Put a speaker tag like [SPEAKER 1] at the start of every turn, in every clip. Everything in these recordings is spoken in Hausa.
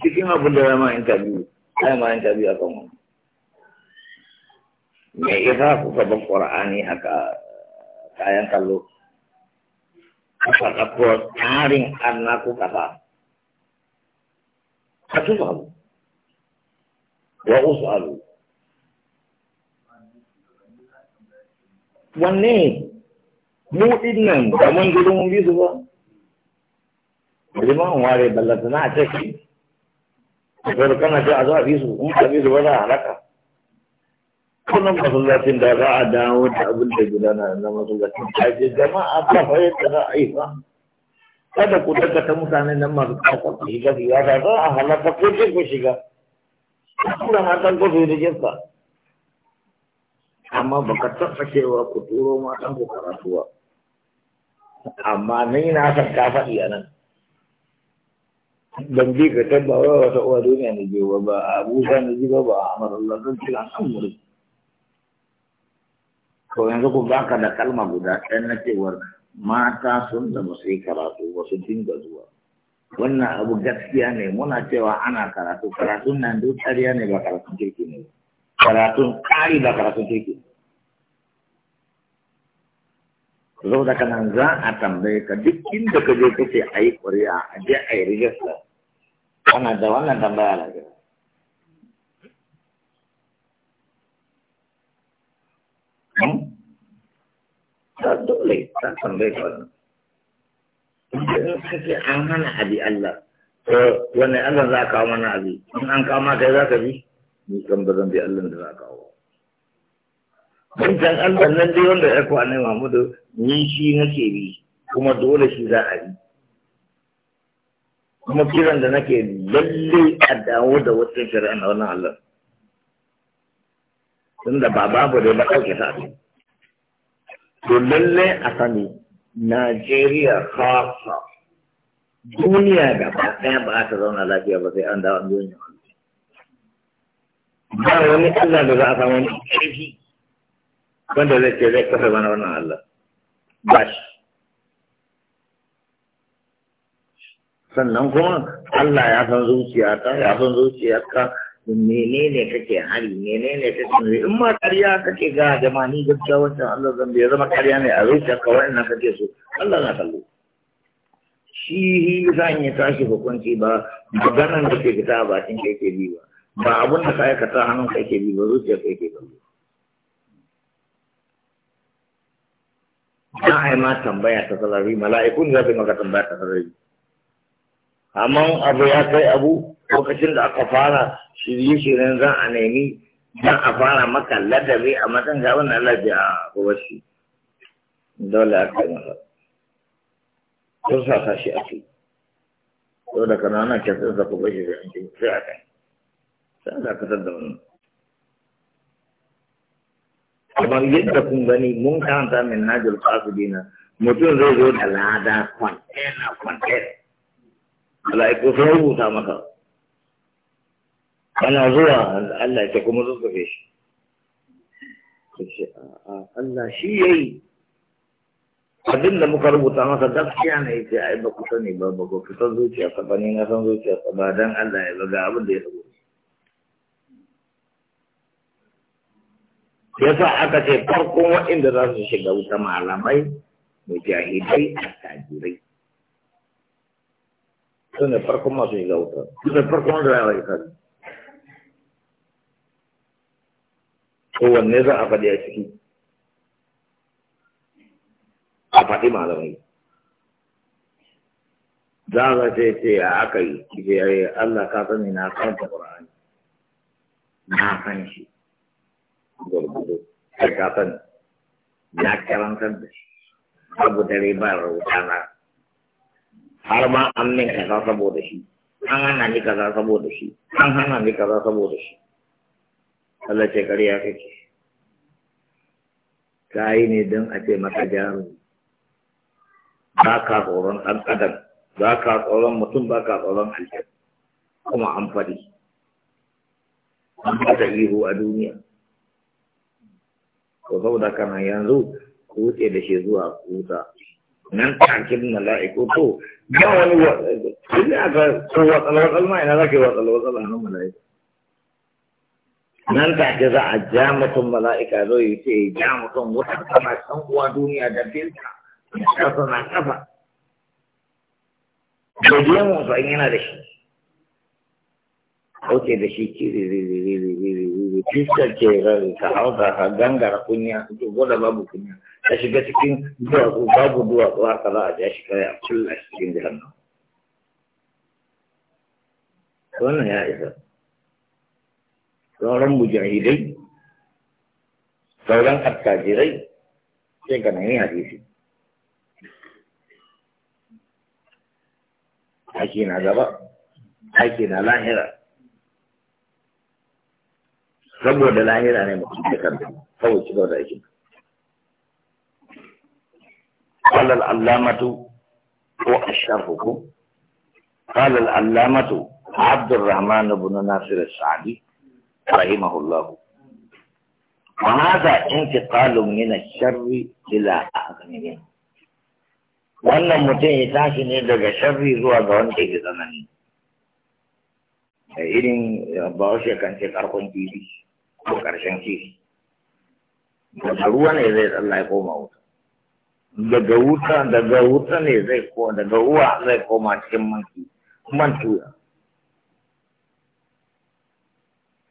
[SPEAKER 1] cikin abin da zama in tabi ai ma in tabi akan wani me yasa kuka ban qur'ani haka kayan kallo kasa ɗauko tarin arna ku Ba ka tusalu wa usalu wanne mu dinnan da mun gudu mun bi su ba Liman ware ballata na a cikin sai kana ce a zo a bi su in a su wani halaka sunan masallacin da za a dawo da abin da na jama'a ta a yi ba kada ku daga mutane nan masu kasar ku shiga shiga da za a halatta ko ce ku shiga kuma matan ku su rijista amma ba ka taɓa cewa ku turo matan ku karatuwa amma ni na faɗi a nan ban bi ka tabba wa wata uwa duniya na jiwa ba ba a abuja na jiwa ba ba a amara Allah don cika an wuri to yanzu ku baka da kalma guda ɗan na cewar mata sun da ba su yi karatu ba su dinga zuwa wannan abu gaskiya ne muna cewa ana karatu karatun nan duk ƙarya ne ba karatun kirki ne karatun ƙari ba karatun kirki ne zo da kanan za a tambaye ka duk inda ka je kace a yi ƙuri'a a je a yi rijista wannan da wannan tambaya lafiya hmm? ta dole ta tambayi kwanan kake an hana abi Allah wani Allah za a kawo mana abi in an kawo maka za ka bi ni kan ba zan bi Allah da za a kawo wancan Allah nan dai wanda ya kwa ne Muhammadu ni shi nake bi kuma dole shi za a bi kuma kiran da nake lalle a dawo da wata shari'a na wannan Allah tun da ba babu da ba ɗauke ta to lalle a sani Najeriya kasa duniya ba ɗaya ba ta zauna lafiya ba sai an dawo duniya ba wani Allah da za a samu ƙarfi wanda zai ce zai kafa mana wannan Allah ba shi sannan kuma Allah ya san zuciyarka ya san zuciyarka menene kake hari menene kake in ma ƙarya kake ga jama'a ni gaskiya wancan Allah zan bai zama ƙarya ne a zuciyarka wannan kake so Allah na kallo shi zan yi tashi hukunci ba maganan da ke fita a bakin kai, bi ba ba abun da ka aikata hannun ka yake bi ba zuciya ka yake kallo na ai ma tambaya ta salari mala'ikun za su maka tambaya ta salari? amma abu ya kai abu lokacin da aka fara shirye-shiryen zan a nemi zan a fara maka ladabi a matan ga na ladabi a gobe shi dole a kai masa sun sa sashi a fi yau da kana ke kyasa da kuma shi zai ji sai a kai sai a fitar da wani. amma yadda kun gani mun karanta min najul fasu dina mutum zai zo da lada kwantena kwantena mala'iku sun rubuta maka ana zuwa Allah ya kuma zuzzufe shi Allah shi ya yi
[SPEAKER 2] abin da muka rubuta masa
[SPEAKER 1] gaskiya ne a yi ba ku sani ba ba ku fitar zuciya ta ba ni na san zuciya ta ba dan Allah ya ga abin da ya rubuta yasa aka ce farkon waɗanda za su shiga wuta malamai mujahidai attajirai su ne farkon masu shiga wuta su ne farkon wanda ya rai sani kowanne za a faɗi a ciki a faɗi malamai za a ce ce a aka yi ce ya Allah ka sani na karanta Qur'ani na san shi gurgudu ka sani na karantar da shi abu dare ba rauta na har ma an min kaza saboda shi an hana ni kaza saboda shi an hana ni kaza saboda shi Allah ce ƙarya kake ka yi ne don a ce maka jarumi ba ka tsoron ɗan adam ba ka tsoron mutum ba ka tsoron aljan kuma an faɗi an fata ihu a duniya to saboda kana yanzu ku wuce da shi zuwa kusa. nan take mala'iku to ga wani wani aka so watsal watsal ma ina zaka yi watsal watsal a nan mala'iku nan take za a ja mutum mala'ika zo yi ce ya ja mutum wata tana san uwa duniya da filta ta na kafa da jemu san yana da shi kauce da shi kiri riri riri riri riri fiskar ke rari ka hausa ka gangara kunya su gwada babu kunya a shiga cikin duwatsu babu duwatsu haka za a ja shi kawai a kulla shi cikin jihannan wannan ya isa sauran mujahidai sauran attajirai sai ga nan hadisi aiki na gaba aiki na lahira saboda lahira ne mutum da kanta kawai ci gaba da aikin قال العلامة هو الشرحكم قال العلامة عبد الرحمن بن ناصر السعدي رحمه الله وهذا انتقال من الشر إلى أعظم wannan mutum ya tashi ne daga sharri zuwa ga wanda ya tsanani da irin bahaushe kan ce karkon kifi ko karshen kifi da ruwa ne zai tsalla ya koma wuta daga wuta daga wuta ne zai ko daga ruwa zai koma cikin manki man tuya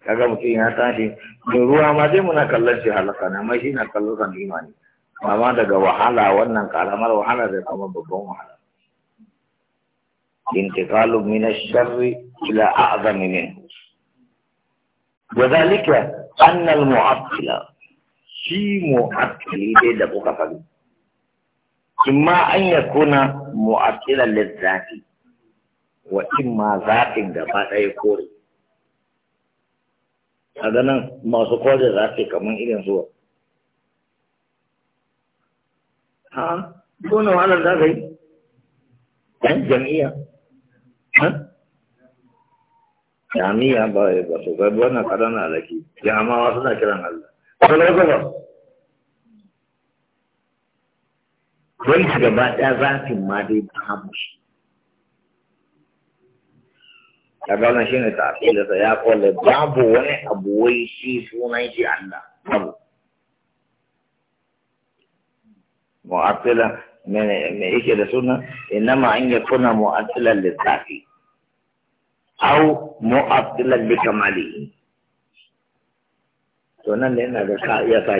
[SPEAKER 1] kaga mutum ya tashi mai ruwa ma dai muna kallon shi halaka na mai shi na kallon kan imani amma daga wahala wannan karamar wahala zai kama babban wahala intiqalu min ash-sharri ila a'zami minhu wa dhalika anna al-mu'attila shi mu'attili dai da kuka faɗi imma an ya kuna mu'abdilan lizzati wa imma zafin gaba kore a ganin masu kore zafi kamar irin zuwa ha dole wahalar za ka yi ɗan jam'iyya jami'a ba ba su ga wannan kaɗan suna kiran Allah. wani gaba ɗaya zafin ma dai ba hamu shi ya gano shi ne ta'afilarsa ya kwallo babu wani abu wai shi sunan shi Allah babu mu'attila me yake da suna inama an ya kuna mu'attilan lissafi au mu'attilan bi kamali to nan da yana da ka iya sa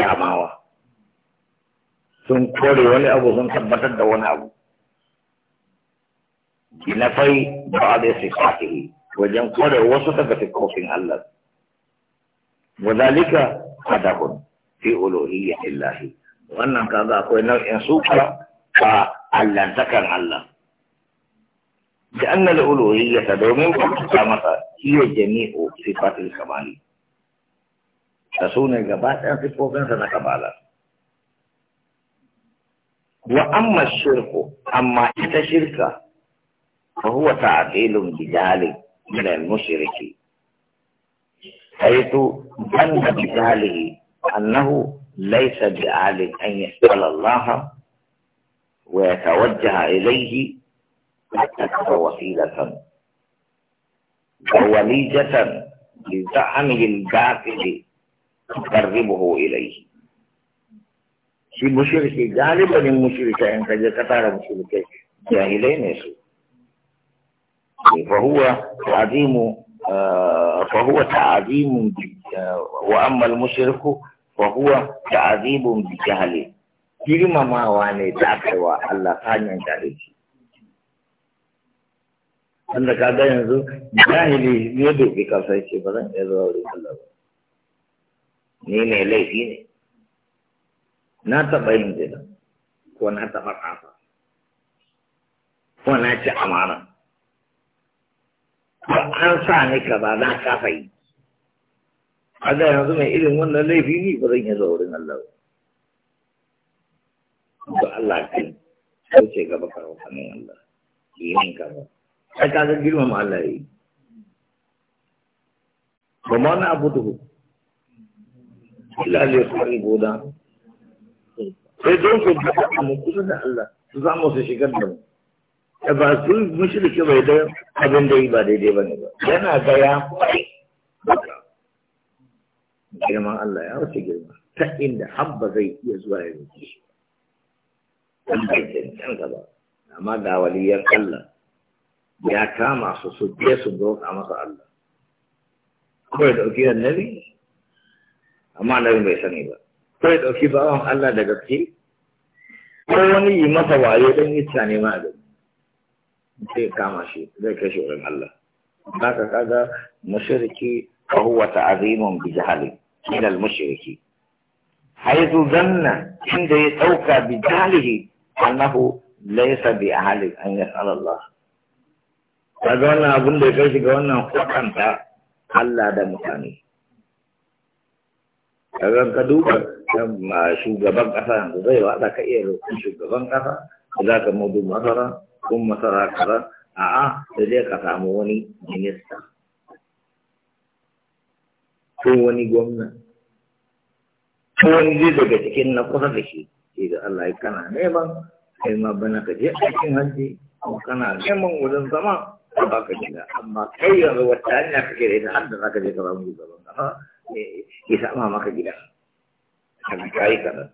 [SPEAKER 1] jamawa sun kore wani abu sun tabbatar da wani abu binafai ba da sifatihi wajen kore wasu daga sifofin Allah wadalika hadahun fi uluhiyyatillahi wannan kaga akwai nau'in suka a allantakar Allah da anna al-uluhiyyata domin ta masa hiya jami'u sifatil kamali ta sune gaba ɗayan sifofinsa na kamala واما الشرك اما ايت شركا فهو تعديل بجال من المشرك حيث بن بجاله انه ليس بآل ان يسأل الله ويتوجه اليه اكثر وسيلة ووليجة لزعمه الباطل تقربه اليه shi mushriki galibanin mushrika in kaje ka tara mushrikai jahilai ne su فهو تعظيم eh, eh, Wa تعظيم واما المشرك فهو تعظيم بجهله girmamawa ne da aka yi wa Allah ta hanyar gare Wanda ka ga yanzu jahili ne da ke kasa ba zan iya zuwa wurin Allah ba. Ni ne laifi ne. na taɓa yin zina ko na taɓa ƙafa ko na ci amana Ko an sa ni ka ba na kafa yi a da yanzu mai irin wannan laifi ne ba zan yi zaurin Allah ba Allah kai kauce gaba karo hannun Allah yin ka ba ai ka ga girmama Allah yi ba ma na abu duhu illa lai sai don su da mu kusa da Allah su za mu su shigar da mu da ba su mushriki bai da abin da yi ba daidai ne ba yana ga ya kwai girman Allah ya wuce girma ta inda habba zai iya zuwa ya roƙe shi an bai cancan gaba amma da waliyar Allah ya kama su su je su roƙa masa Allah kawai da ofiyar nabi amma nabi bai sani ba ko ya ɗauki bawan Allah da gaske
[SPEAKER 2] ko wani yi masa wayo
[SPEAKER 1] don ita ne ma da zai kama shi zai kai shi wurin Allah ka kaga mashiriki fa huwa ta'zimun bi jahali min al mushriki Zanna inda ya ɗauka bi jahalihi annahu laysa bi ahli an yas'al Allah kaga wannan abin da ya kai shi wannan kwatanta Allah da mutane kaga ka duba shugaban kasa yanzu zai wa za ka iya roƙon shugaban kasa za ka mudu masara kun masara kaza a'a da zai ka samu wani minista ko wani gwamna ko wani zai daga cikin na kusa da shi sai da Allah ya kana neman kai ma bana ka je aikin hajji kana neman wurin zama ba ka gida amma kai yanzu wata hanya kake da ita har da za ka je ka samu shugaban kasa ya sama maka gida haka kayi kaɗan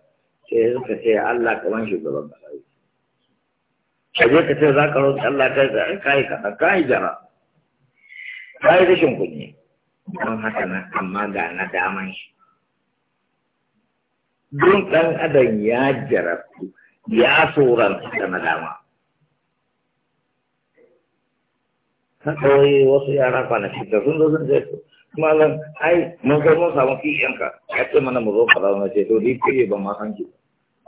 [SPEAKER 1] sai suka ce Allah kaman shugaban kasa ka je ka ce za ka roƙi Allah kai ka kayi kaɗan kayi jara kayi rashin kuɗi don haka na, amma ga na daman shi don ɗan adam ya jarabtu ya tsoron da na dama haka wai wasu yara kwanaki da sun zo sun malam ai mun ga mun samu kiyanka ya ce mana mu zo fara na ce to ni fiye ba ma san ki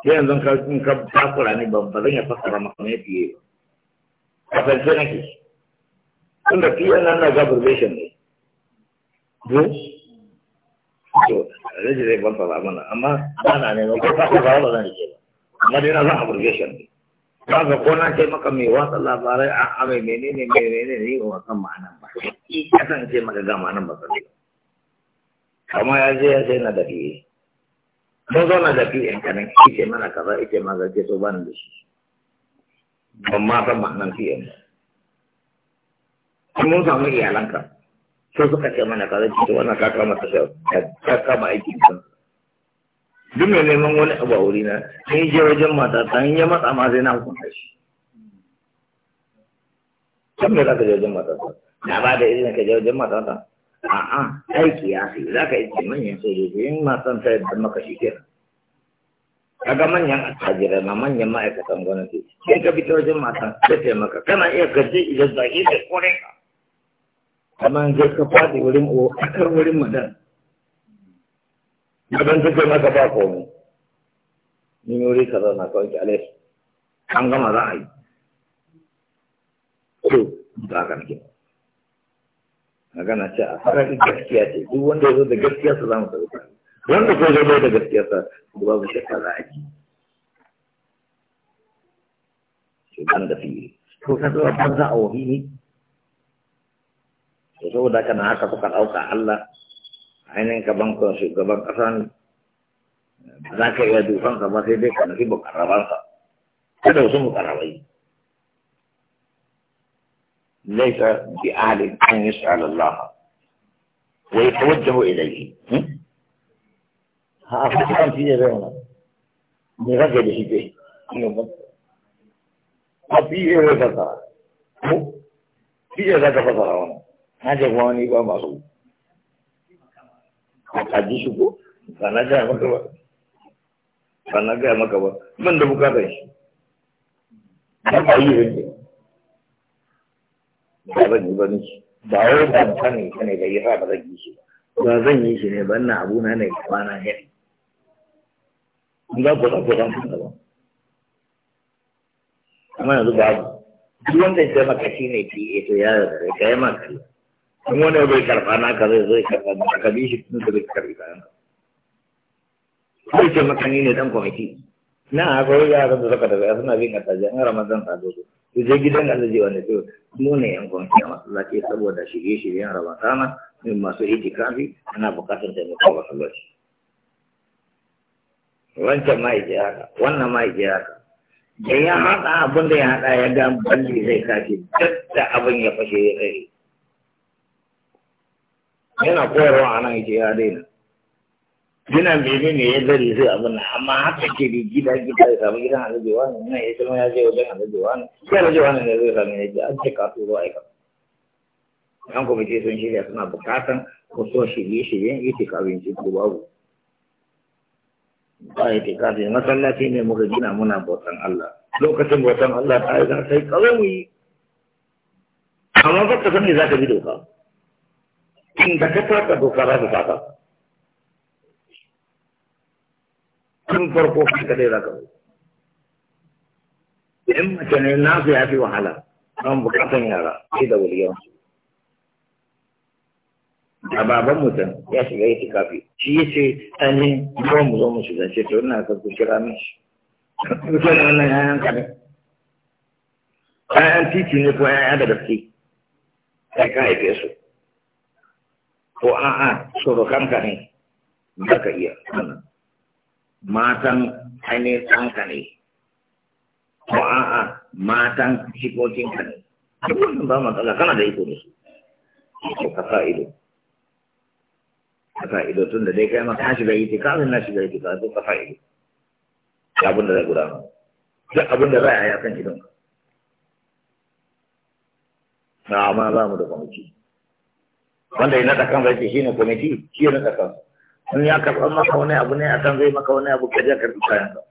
[SPEAKER 1] sai yanzu ka kun ka fara ni ba ba zan ya fara maka ne fiye ba ka san nake kun da fiye nan na ga gaburbation ne ko to rage zai ban fara mana amma ba na ne ba ko ka fara ba ne amma dai na za abrogation ne kaga ko na ce maka mai watsa labarai a amai ne menene ne ne ba san ma'anan ba ki kasan ce maka ga ma'anan ba sai kama ya je ya sai na da fiye mun zauna da fiye in kanan ki ce mana kaza ike ma zake so ban da shi ban ma san ma'anan fiye ba mun samu iyalanka sai suka ce mana kaza ki ce wannan ka kama ta ka kama aikin kansa duk mai neman wani abu a wuri na sai je wajen mata ta ya matsa ma sai na hukunta shi kan me za ka je wajen mata ta na ba da izinin ka je wajen mata ta a'a aiki ya sai za ka iske manyan sojoji in matan ta yadda maka shi kenan kaga manyan attajirai ma manyan ma'aikatan gwamnati sai ka fita wajen mata ta taimaka kana iya gaje idan zaki da kore ka kamar zai ka faɗi wurin o akar wurin madan idan suke maka ba komai ni wuri kaza na kawai ki alai an gama za a yi Ko ba kan ke magana ce a farari gaskiya ce duk wanda ya zo da gaskiya su zamu sauka wanda ko zo da gaskiya sa babu shakka za a yi. to ban da fili ko ka zo ban za a Ko ne da saboda kana haka ka dauka Allah ainihin gaban kan shugaban ƙasa ne ya za ka iya dukan ka ba sai dai ka nufi mukarrabansa kada wasu mukarrabai laisa bi ahadin an yi sallallahu wa ya tawajjahu ilayhi ha kan a fasikan fiye da yana me rage da shi ke a fiye da fasara fiye da ta fasara wani na je kuma wani ba masu haji ji shi ko ba na gaya maka ba ba na gaya maka ba ban da bukatar shi ba ba yi rinke ba zan yi ba shi ba wai ba ta ne ta ne da yi ba zan yi shi ba zan yi shi ne ban na abu na ne ba na gani ba ba ba ba ba amma yanzu babu duk wanda ya taimaka shi ne ta yi ya rage ya maka in wani bai karɓa naka zai zai karɓa naka ka bi shi tun da bai karɓi kayan ka sai ce makani ne dan kwamiti na akwai yaran da suka tafiya suna bin attajiya na ramadan sado su su je gidan alaji wanda su mu ne yan kwamiti a masallaci saboda shirye shiryen ramadana min masu kafi, ana bukatar taimakon masallaci wancan ma ije haka wannan ma ije haka da ya haɗa abin da ya haɗa ya ga balli zai kafi duk da abin ya fashe ya kai yana koyarwa a nan yake ya daina yana mene ne ya zari sai abin nan amma haka ke da gida gida ya samu gidan alajewa ne nan ya zama ya je wajen alajewa ne sai alajewa ne zai samu ya ce an ce kasu zuwa aika yan kwamiti sun shirya suna bukatan wasu shirye-shiryen ita kabinci ko babu ba ya teka sai masallaci ne muka gina muna bautan Allah lokacin bautan Allah ta yi zan sai kawai amma ba sani za ka bi doka da ka taka doka za ta taka tun farko kai kadai za ka zo in mace ne nasu ya fi wahala don bukatan yara sai da waliyansu Da baban mutum ya shiga yi kafi shi ya ce ainihin zuwa mu zo mu shiga ce to ina ka ku kira min shi kusan wannan yayan ka ne yayan titi ne ko yaya da gaske ya ka haife su ko a'a kanka ne za ka iya matan ainihin kanka ne ko a'a matan jikokinka ne duk wannan ba matsala kana da iko ne ko ka sa ido ka sa ido tun da dai kai ma ka shiga yi kafin na shiga yi kafin ka sa ido abin da zai gudana duk abin da za a yi a kan idon na ma za mu da kwamiti wanda ya naɗa kan zai shi ne kwamiti shi ya naɗa kan in ya karɓar maka wani abu ne a kan zai maka wani abu kaje karɓi kayan ka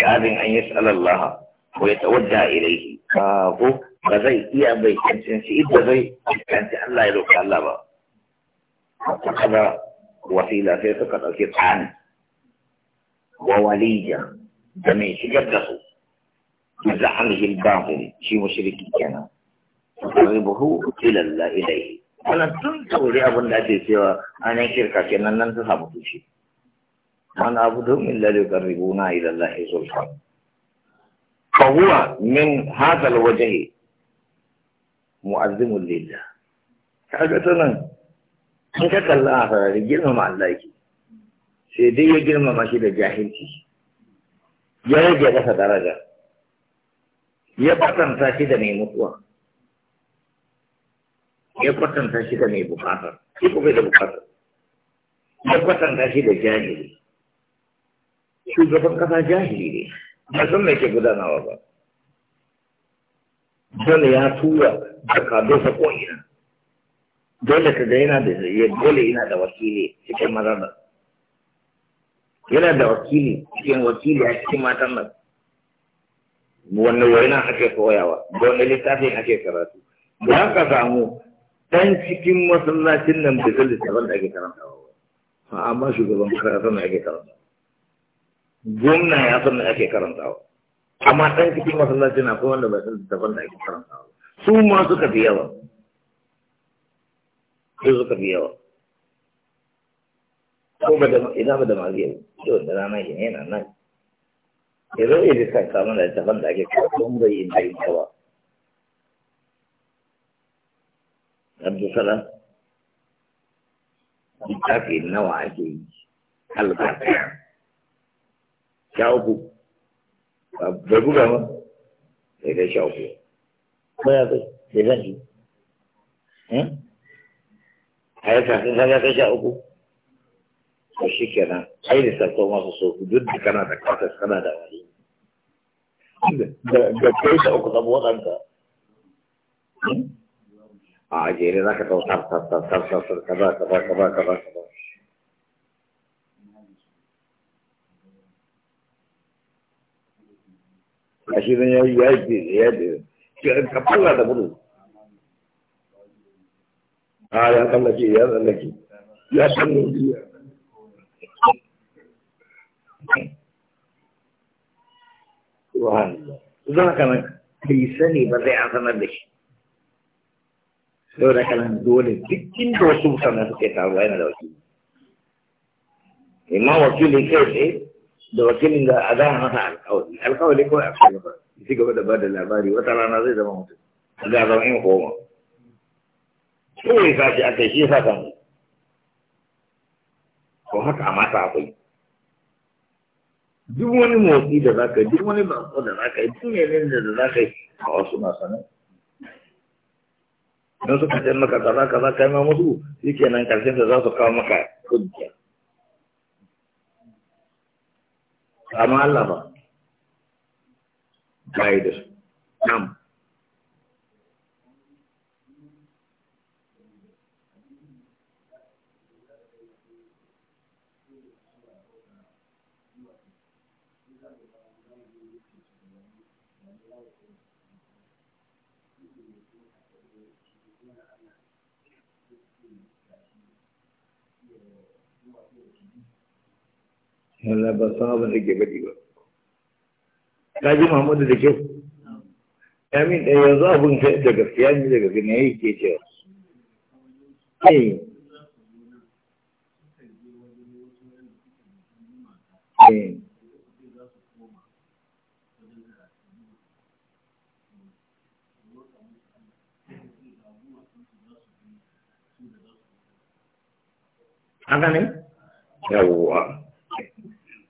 [SPEAKER 1] yarin an yi salallah ko ya tawadda ilaihi ko ba zai iya bai cancanci idda zai cancanci Allah ya roƙi Allah ba ta kada wasila sai suka ɗauki tsani wa walija da mai shigar da su da hamihin babu shi mushriki kenan tuqarribuhu ila Allah ilayhi wannan tun tauri abin da ake cewa an yi kirka kenan nan ta samu tushe man abudu min la yuqarribuna ila Allah zulfa fa huwa min hadha alwajh mu'azzimun lillah kaga ta nan in ka kalla a farari girmama Allah yake sai dai ya girmama shi da jahilci ya rage masa daraja ya batanta shi da mai mutuwa ya kwatanta shi da mai bukatar shi ko bai da bukatar ya kwatanta shi da jahili shugaban kasa jahili ne ba san mai ke gudanawa ba dole ya tura da kadonsa ko ina dole ka ga yana da dole yana da wakili cikin mazanar yana da wakili cikin wakili a cikin matan nan wanne wainan ake koyawa da wani littafin ake karatu da haka samu dan cikin masallacin nan bai san littafin da ake karantawa ba amma shugaban kasa ya san ake karantawa gwamna ya san da ake karantawa amma dan cikin masallacin na akwai wanda bai san littafin da ake karantawa su ma suka fi yawa su suka fi yawa ko ba da ina ba da magiya to da rana yana nan ya idan ka samu da littafin da ake karantawa bai yin yin ba abdu salam littafi nawa ake yi halka sha uku bai buga ma sai dai sha uku ko ya kai sai zan yi hmm? a yi kafin sai ya kai sha uku to shi kenan ai lissafto masu so duk da kana da kasas kana da wani da kai da uku sabuwa ɗanka hmm? a jere za ka tau tar tar bai sani ba zai sanar da shi. sau da kanan dole dukkin da wasu mutane suke taruwa yana da wakili imma wakilin kai tsaye da wakilin da a zama masa kawai a kai gaba shi gaba da bada labari wata rana zai zama mutum a ga zama in koma kawai sashi aka shi sa kan ko haka a mata akwai duk wani motsi da za ka yi duk wani bako da za ka yi duk ne da za ka yi a wasu don suka ce maka kaza kaza kai ma musu yake nan karshen da za su kawo maka hujja amma Allah ba bai da su nam Allah ba san ba da ke faɗi ba ka ji Muhammadu da kyau Amin ɗaya yanzu abin kai da gaskiya ne daga gani ya yi ke cewa eh eh haka ne yawwa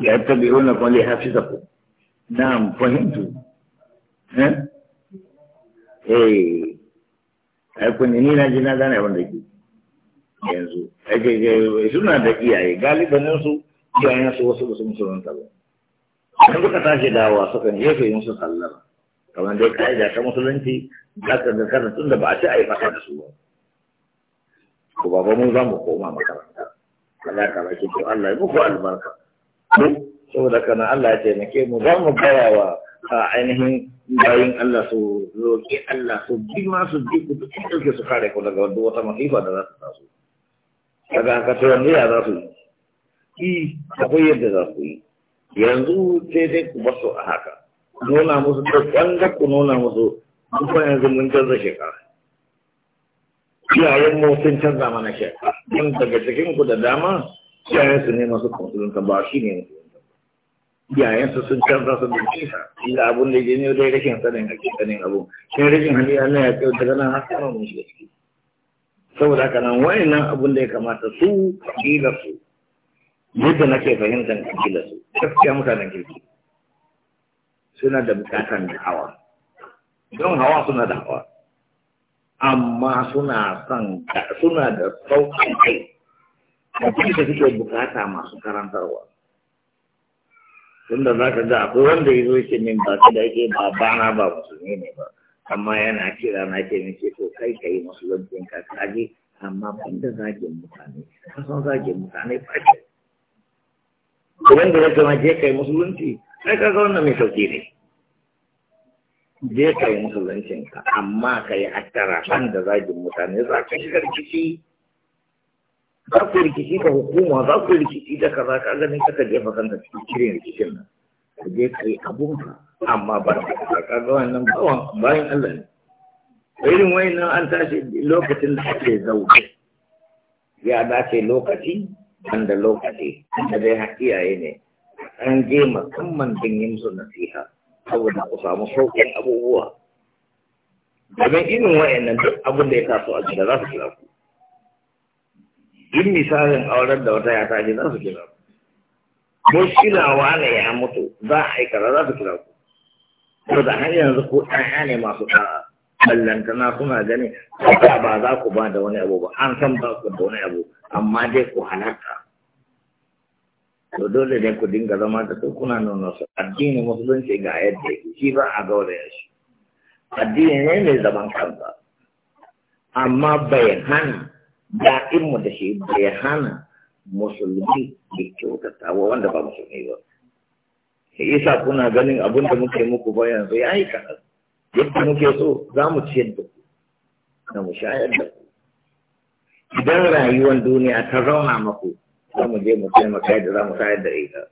[SPEAKER 1] يتبعونكم hafiza نعم فهمت fahimtu eh aikun ni na ji na gane abin da ke yanzu ake suna da iyaye galibanin su iyayen su wasu basu ta ba idan suka tashi dawa kan jefe yin su sallar kamar dai ka'ida ta musulunci za ka ga karantun da ba a ci a yi fasa da su ba ko baba mun za mu koma makaranta Allah ka ki to Allah ya muku albarka saboda kana Allah ya taimake mu za mu gaya wa ainihin bayin Allah su roƙi Allah su bi ma su bi ku duk ɗauke su kare ku daga wadda wata masifa da za su taso daga haka ta yanzu ya za su yi ki akwai yadda za su yi yanzu sai dai ku basu a haka nuna musu da wanda ku nuna musu duk fa yanzu mun canza shekara iyayen mu sun canza mana shekara Mun daga cikin ku da dama iyayensu ne masu musulunta ba shi ne musulunta iyayensu sun canza su da kisa inda abun da ya ne dai rashin sanin hakikanin abu sai rashin hali Allah ya kyau daga nan har kama mun shiga ciki saboda haka nan wani nan abun da ya kamata su kabila su yadda ke fahimtar kabila su gaskiya mutanen kirki suna da bukatan da hawa don hawa suna da hawa amma suna son suna da sauƙin kai abin da suke bukata masu karantarwa tunda za ka ga akwai wanda ya zo shi min ba su da yake ba bana ba musulmi ne ba amma yana kira na ke min ce ko kai kai musulunci ka kaji amma ban da zagin mutane ka san zagin mutane ba ce wanda ya zama je kai musulunci sai ka ga wannan mai sauki ne je kai musuluncin ka amma kai hattara ban da zagin mutane za ka shiga rikici za ku rikici ka hukuma za ku rikici da kaza ka ganin kaka jefa kanta, cikin kirin rikicin nan ka je ka yi abunka amma ba da ka ka ga wannan bawan bayan Allah ne irin wayannan an tashi lokacin da ake zaune ya dace lokaci wanda lokaci da dai hakiyaye ne an je musamman din yin su nasiha saboda ku samu sauƙin abubuwa domin irin wayannan duk abin da ya taso a gida za su kira ku duk misalin auren da wata ya tashi za su kira ku shirawa ne ya mutu za a aikata za su kira ku Ko da har yanzu ko ɗaya ne masu ɗa'a ballantana suna ganin kuka ba za ku ba da wani abu ba an san ba ku da wani abu amma dai ku halarta to dole ne ku dinga zama da su kuna nuna su addini musulunci ga yadda yake shi ba a gauraya shi addini ne mai zaman kansa amma bai hana da'in mu da shi bai hana musulmi da kyautata wa wanda ba musulmi ba isa kuna ganin abin da muke muku ba yanzu ya yi kaɗan yadda muke so za mu ciyar da ku na mu shayar da ku idan rayuwar duniya ta zauna maku za mu je mu taimaka da za mu shayar da ita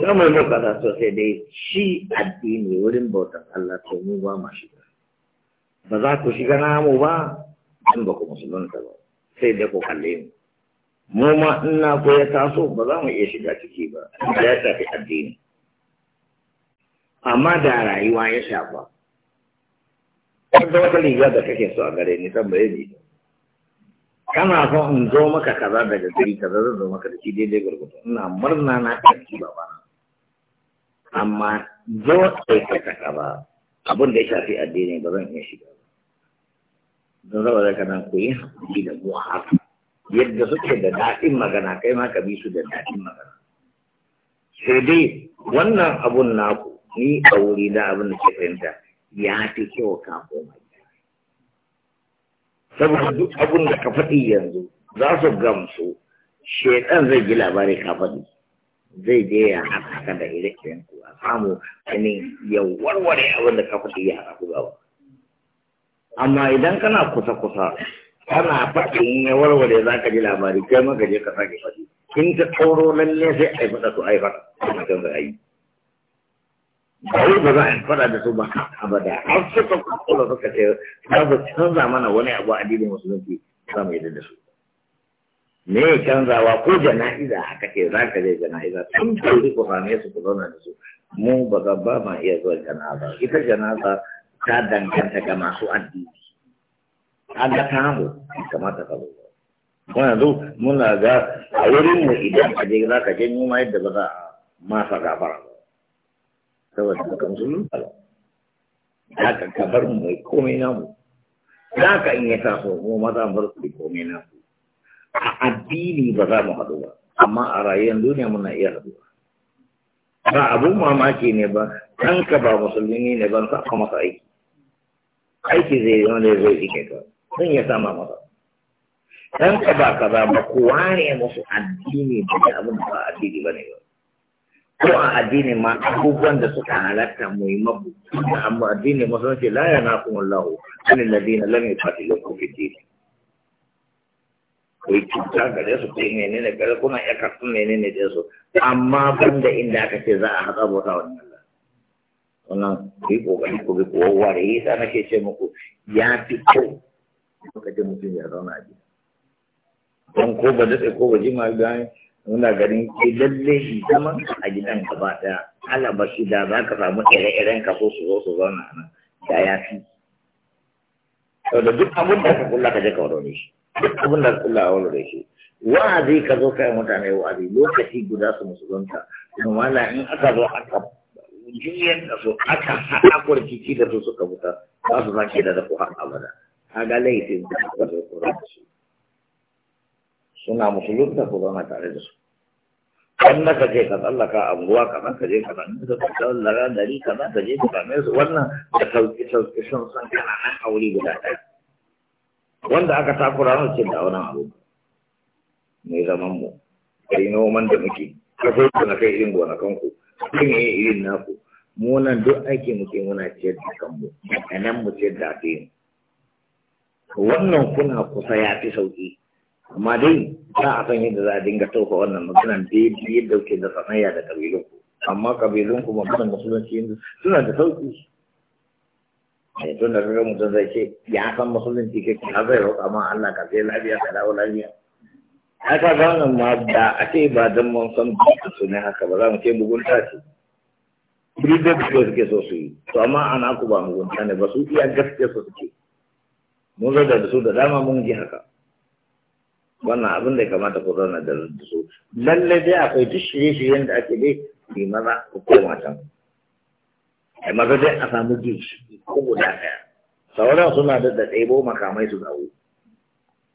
[SPEAKER 1] za mu yi muka da sosai dai shi addini wurin bautan Allah to mu ba ma shiga ba za ku shiga namu ba An ba ku musulunta ba sai da ku kalle mu mu ma ina ko ya taso ba za mu iya shiga ciki ba ya shafi addini amma da rayuwa ya shafa wanda wata riga da kake so a gare ni tambaye ni kana so in zo maka kaza daga gari kaza zan zo maka da shi daidai gurgurta ina murna na ɗauki ba ba amma zo ka kaza abin da ya shafi addini ba zan iya shiga don saboda ka nan ku yi haƙuri da mu haka yadda suke da daɗin magana kai ma ka bi su da daɗin magana sai dai wannan abun naku ni a wuri na abin da ke fahimta ya fi kyau ka koma saboda duk abun da ka faɗi yanzu za su gamsu shaidan zai ji labari ka faɗi zai je ya haka da ire-iren a samu ainihin ya warware abin da ka faɗi ya haka ku gaba amma idan kana kusa-kusa kana faɗin ne warware za ka ji labari kai maka je ka sake faɗi Kin ta tsoro lalle sai a yi faɗa su a yi faɗa a kan za a yi bari ba za a yi faɗa da su ba abada har suka kula suka ce za su canza mana wani abu a addinin musulunci za mu yi da su me ya canzawa ko jana'iza haka ke za ka je jana'iza tun da wuri ku same su ku zauna da su mu ba ba ma iya zuwa jana'iza ita jana'iza ta danganta ga masu addini kaga tamu kamata ka zo muna zo muna ga a wurin mu idan ka je za ka janyo ma yadda ba za a masa gafara ba saboda kan sun ba za ka kabar mu mai komai namu za ka in ya taso mu maza mu rufe komai namu a addini ba za mu haɗu ba amma a rayuwar duniya muna iya haɗuwa ba abun mamaki ne ba kanka ba musulmi ne ban sa masa aiki aiki zai yi wanda zai ike ka sun ya sama masa dan ka ba ka ba ba ku wane musu addini da abin ba addini ba ne ba ko a addini ma abubuwan da suka halatta yi mabu amma addini ce la ya na Allahu anil ladina lam yuqatilukum fid din ko cuta gare su ko menene kai, kuma ya karɓi menene da su amma banda inda aka ce za a haɗa bota wannan wannan ku yi ƙoƙari ku bi kowa da yi sa nake ce muku ya fi kyau lokacin mutum ya zauna a gida don ko ba daɗe ko ba jima ga muna ganin ke lalle shi zama a gidan gaba ɗaya ala ba shi da za ka samu ire-iren ka so su zo su zauna a nan da ya fi sau da duk abin da ka kula ka je ka warware shi duk abin da ka kula a warware shi wa'azi ka zo kai mutane wa'azi lokaci guda su musulunta kuma in aka zo aka jiyan da su aka haɗa kurkici da su suka wuta za su zaki da zafi har abada a ga laifin da suka zai kura da su suna musulunta ku zama tare da su kan na ka je ka tsallaka anguwa kamar ka je kaza in ka tsallaka dari kamar ka je ka zame su wannan da sauki sun san kana nan a wuri guda ɗaya wanda aka takura na ce da wani abu mai zaman mu kai noman da muke kafin na kai irin gonakan ku ya yi irin naku mu nan duk aiki muke muna ciyar da kanmu daga nan mu ciyar da addini wannan kuna kusa ya fi sauki amma dai za a san yadda za a dinga tauka wannan maganan daidai yadda kuke da sanayya da kabilunku amma kabilunku maganan musulunci yanzu suna da sauki eh, tun da kaga mutum zai ce ya san musulunci kake zai roƙa ma Allah ka sai lafiya ka dawo lafiya haka ga wannan ma da a ce ba don mun san duka su ne haka ba za mu ce mugunta ce freedom ko suke so su yi to amma ana ku ba mugunta ne ba su iya gaske su suke mun zaga da su da dama mun ji haka wannan abin da ya kamata ku zauna da su lallai dai akwai duk shirye-shiryen da ake dai ku yi maza ku koma can ai maza dai a samu gishi ko guda ɗaya sauran suna da ɗebo makamai su dawo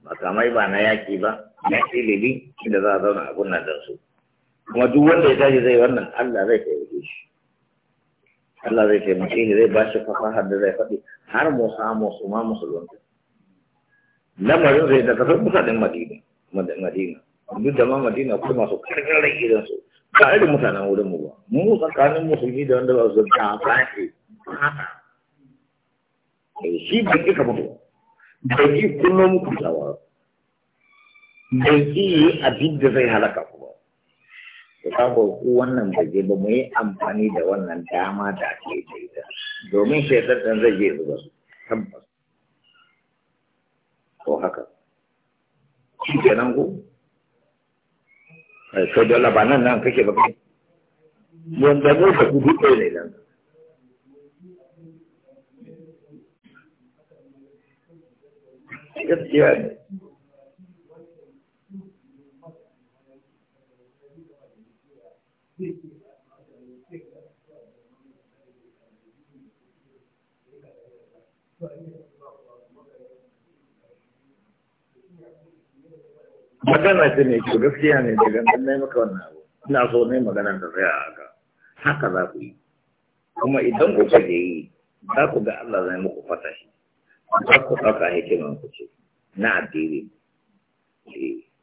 [SPEAKER 1] makamai ba na yaki ba na ilimi inda za a zauna a kunna don su kuma duk wanda ya tashi zai wannan Allah zai taimake shi Allah zai taimake shi zai ba shi har da zai faɗi har mu samu su ma musulunta lamarin zai da tafi mutanen Madina Madina duk da ma Madina ko masu karkar irin su ba irin mutanen wurin mu ba mu tsakanin musulmi da wanda ba su da fashi shi bai ka mutu bai ki kunno muku tawa bai ki abin da zai halaka ku ba to kaga ku wannan gaje ba mu yi amfani da wannan dama da ake da ita domin shaitan dan zai je ba, tabbas ko haka shi kenan ku kai dole ba nan nan kake ba yanda ne ka ku duk ne nan gaskiya ne magana ce mai kyau gaskiya ne daga nan na maka wannan abu ina so ne magana da tsaya a haka haka za na addini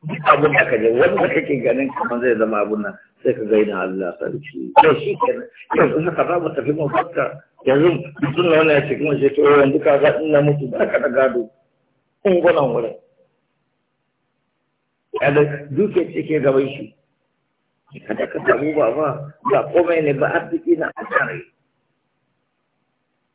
[SPEAKER 1] duk abin da ka je da kake ganin kamar zai zama abun nan sai ka gaina Allah sarki to shi kenan yanzu haka za mu tafi mun fakka yanzu mutum na wannan cikin wace to yanzu ka ga ina mutu ba ka da gado ungulan wurin kada duke cike gaban shi kada ka samu ba ba ba komai ne ba arziki na asare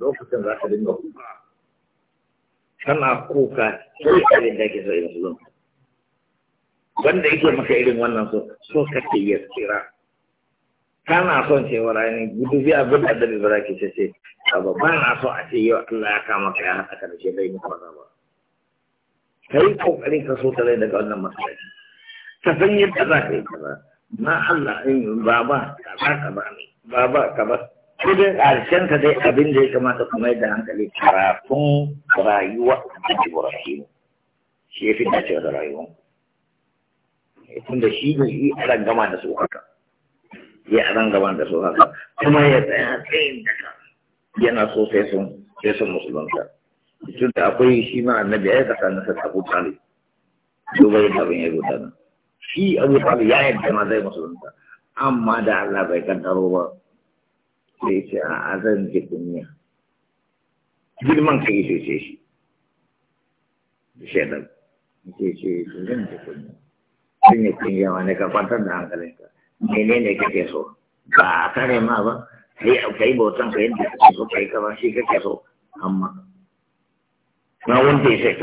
[SPEAKER 1] lokacin za ka dinga kuka kana kuka sai abin da ke so in wanda yake maka irin wannan so so kake ya tsira kana son cewa rani gudu bi abin da dabi bara ke ce A ba na so a ce yau Allah ya kama ka ya haɗa ka da shi dai muku ba kai kokarin ka so ta rai daga wannan matsala ka san yadda za ka yi kaza na Allah in baba ka ba ne baba ba. ko ƙarshen ka dai abin da ya kamata kuma mai da hankali karafin rayuwa cikin Ibrahim shi ya fi dace da rayuwa eh, tunda shi ne shi a gama da su haka ya a gama da su haka kuma ya tsaya tsayin daga yana so sai sun sai sun musulunta tun da akwai shi ma annabi ya kasa na sassa Abu Talib dubai da abin ya gudana shi Abu Talib ya yi ma zai musulunta amma da Allah bai taro ba sai ya ce a zan ji kunya girman ka yi shi da shaidar ce zan ji sun yi kunya wani ka kwantar da menene kake so ba a kare ma ba a kai bautan ka yadda kake so kai ka ba shi amma na wanda ya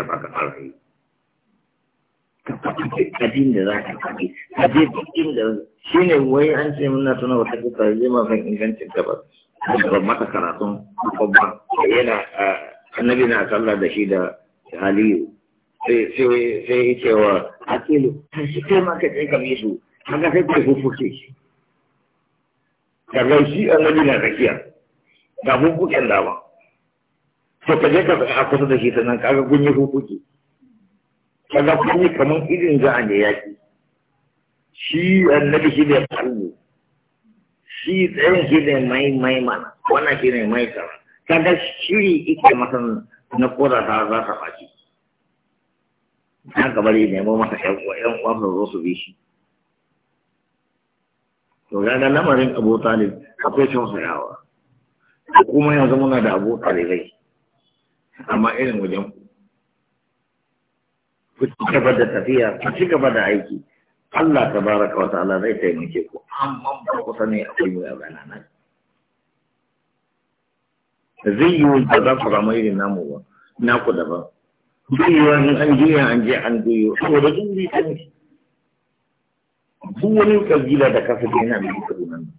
[SPEAKER 1] ka faɗi duk da za ka faɗi ka je duk inda shi ne wai an ce muna tuna wata kuka zai ma kan ingancin ta ba ba mata karatun babba yana annabi na sallah da shi da aliyu sai sai ya ce wa akilu shi kai ma ka tsaye kamar su haka sai kai fufuke shi kaga shi annabi na tsakiya ga fufuken dama to ka je ka a kusa da shi sannan kaga gunyi fufuke kaga kun yi kamar irin za a ne shi annabi shi da kallo shi tsayin shi ne mai mai mana wannan shi ne mai tsara kaga shiri ike masan na kora ta za ta faci haka bari nemo masa ƴan uwa ƴan uwa su zo su bi shi to kaga lamarin Abu Talib akwai tausayawa kuma yanzu muna da Abu Talibai amma irin wajen ku ku ci gaba da tafiya ku ci gaba da aiki Allah ta baraka wa ta'ala zai taimake ku amma ba ku sani akwai wuya ba na nan zai yi wani da za ku samu irin namu ba na ku da ba zai yi wani an juya an je an juyo saboda sun yi kan shi duk wani kabila da kafa kasa yana da kaduna ne.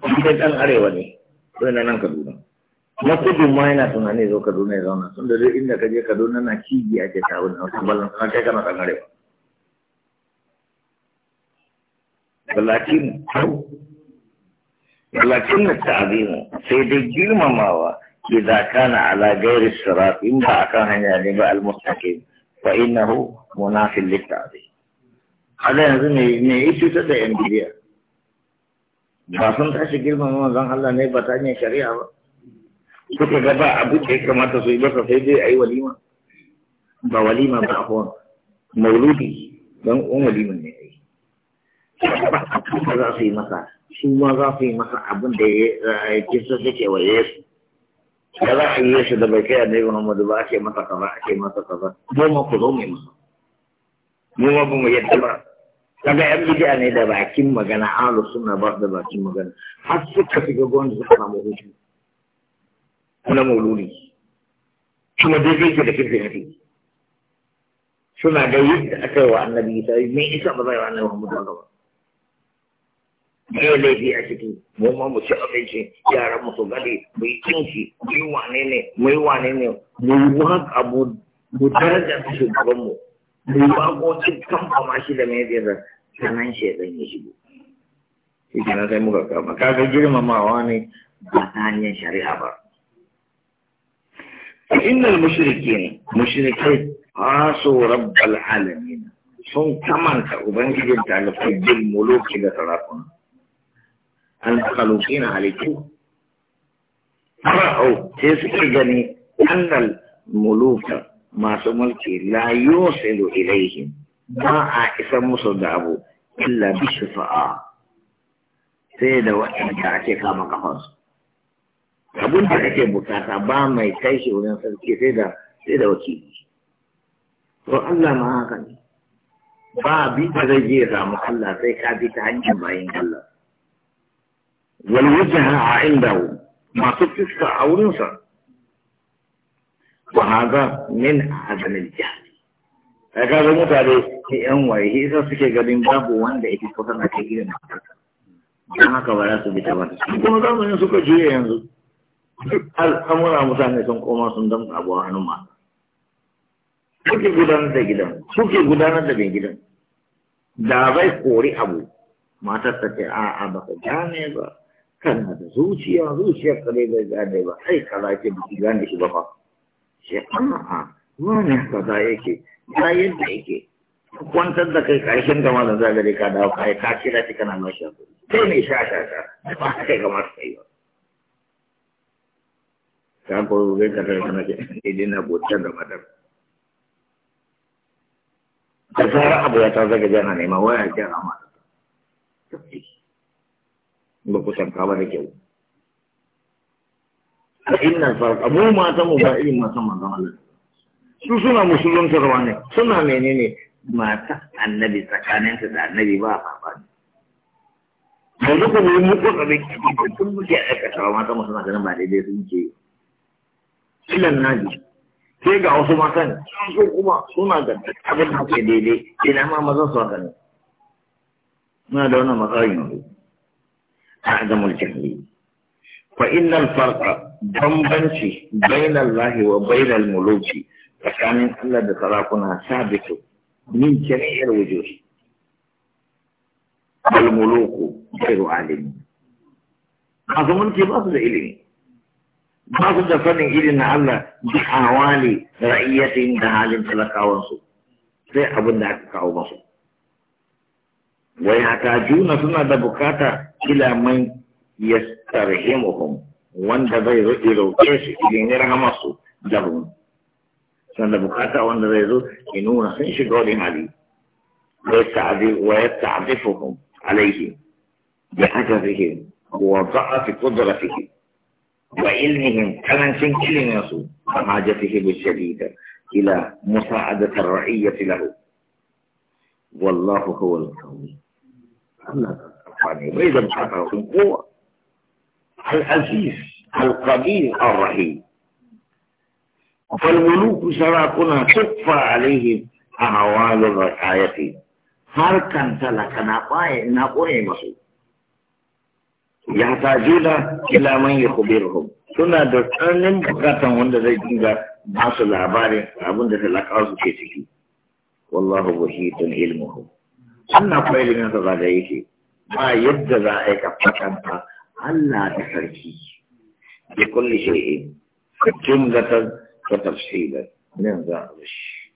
[SPEAKER 1] kuma dan arewa ne, sai na nan kaduna. na kudin ma yana tunanin zo kaduna ya zauna tun da duk inda ka je kaduna na kigi ake ta na wasu balon sana kai kana tsangare ba Balakin Balakin ta azimu sai dai girmamawa إذا كان على غير الصراط إن كان يعني المستقيم فإنه مناف للتعذيب هذا yanzu me me ya cutar da yan bidiya ba sun tashi girmama zan Allah ne ba ta hanyar shari'a ba suka ga ba abu da ya kamata su yi ba sai dai a yi walima ba walima ba afuwan mauludi dan un walima ne ai ba ka za su yi masa shi ma za su yi masa abin da ya kisa suke wa yesu ya za a yi yesu da bai kai annabi muhammadu ba ake masa kaza ake masa kaza mu ma ku zo mai masa mu ma ba mu yadda ba kaga yan bidiya ne da bakin magana alu suna ba da bakin magana har suka shiga gwamnati suka samu hutu na mauludi kuma dai zai ke da kirfi hafi suna ga yadda aka yi wa annabi yi me isa ba zai wa annabi muhammadu ba ba ne laifi a ciki mu ma mu ci abinci yaran mu su gade mu yi kinki mu yi wane ne mu yi wane ne mu yi wani abu mu daraja su shugaban mu mu yi bakokin kamfama shi da mai zai sanan shi zan yi shigo shi kenan sai muka kama kaga girmamawa ne ba ta hanyar shari'a ba فإن المشركين مشركين عاصوا رب alamin sun kamanta ubangijin talifai bin muluki da sarakuna an kaluki na halittu fara'au sai suke gani annal muluka masu mulki la yusilu ilaihim ba a isa musu da abu illa bi shifa'a sai da waɗanda ake kama kafansu abin da kake bukata ba mai kai shi wurin sarki sai da sai da wakili to Allah ma haka ne ba bi da zai je samu Allah sai ka bi ta hanyar bayin Allah wal wajha a indahu masu fiska a wurinsa wa hada min adam al jahl kaga ga mutane ke yan waye isa suke ganin babu wanda yake kusa na kai irin haka ba za su bi ta ba kuma zamanin suka juya yanzu duk al'amura mutane sun koma sun dan abu a hannun ma suke gudanar da gidan suke gudanar da mai gidan da bai kori abu matar ta ce a a baka gane ba kana da zuciya zuciya kare bai gane ba ai kaza ce biki gane shi ba fa shi amma a wani kaza yake ya yadda yake kwantar da kai karshen gama da zagare ka dawo kai ka kira shi kana mashi abu sai ne sha sha sha ba kai su sai ba ta ko zai ka tare kana ke idan na bota da madar da zara abu ya ta zaga jana ne ma waya ke amma ba ku san ka ba da kyau inna farqa mu mata mu ba irin mata manzon Allah su suna musuluntarwa ne suna menene mata annabi tsakaninta da annabi ba a ba yanzu ku yi muku tsabin kimanin tun muke aikatawa mata masu na ganin ba daidai sun ce kilan naji sai ga wasu matan su kuma suna da abin da ke daidai ina ma maza su haka ne muna da wannan matsayin yanzu a adamul jahili fa innal farqa bambanci bainal lahi wa bainal muluki tsakanin Allah da sarakuna sabitu min jami'il wujuh al muluku ghairu alimi masu mulki ba su da ilimi ba su da sanin irin na Allah bi awali ra'iyyatin da halin talakawansu sai abin da aka kawo masu wai hata juna suna da bukata ila man yastarhimuhum wanda zai zo roƙe su idan ya rahama su da hun suna da bukata wanda zai zo ya nuna sun shiga wani hali wa yasta'difuhum alaihi bi ajrihim wa da'afi qudratihim وعلمهم كمن سنكل يصوم وحاجته الشديدة إلى مساعدة الرعية له والله هو القوي وإذا بحثهم العزيز القدير الرحيم فالملوك سراقنا تخفى عليهم أعوال الرعاية هل كان تلك نقايا نقايا مصير يحتاجون ila man yukhbirhum suna da tsananin bukatan wanda zai dinga ba su labarin abin da talaka su ke ciki wallahu buhitun ilmuhu Allah kuma ilimin sa zaga yake ba yadda za a yi kafatanta Allah da sarki bi kulli shay'in da ta tafsilan nan za a shi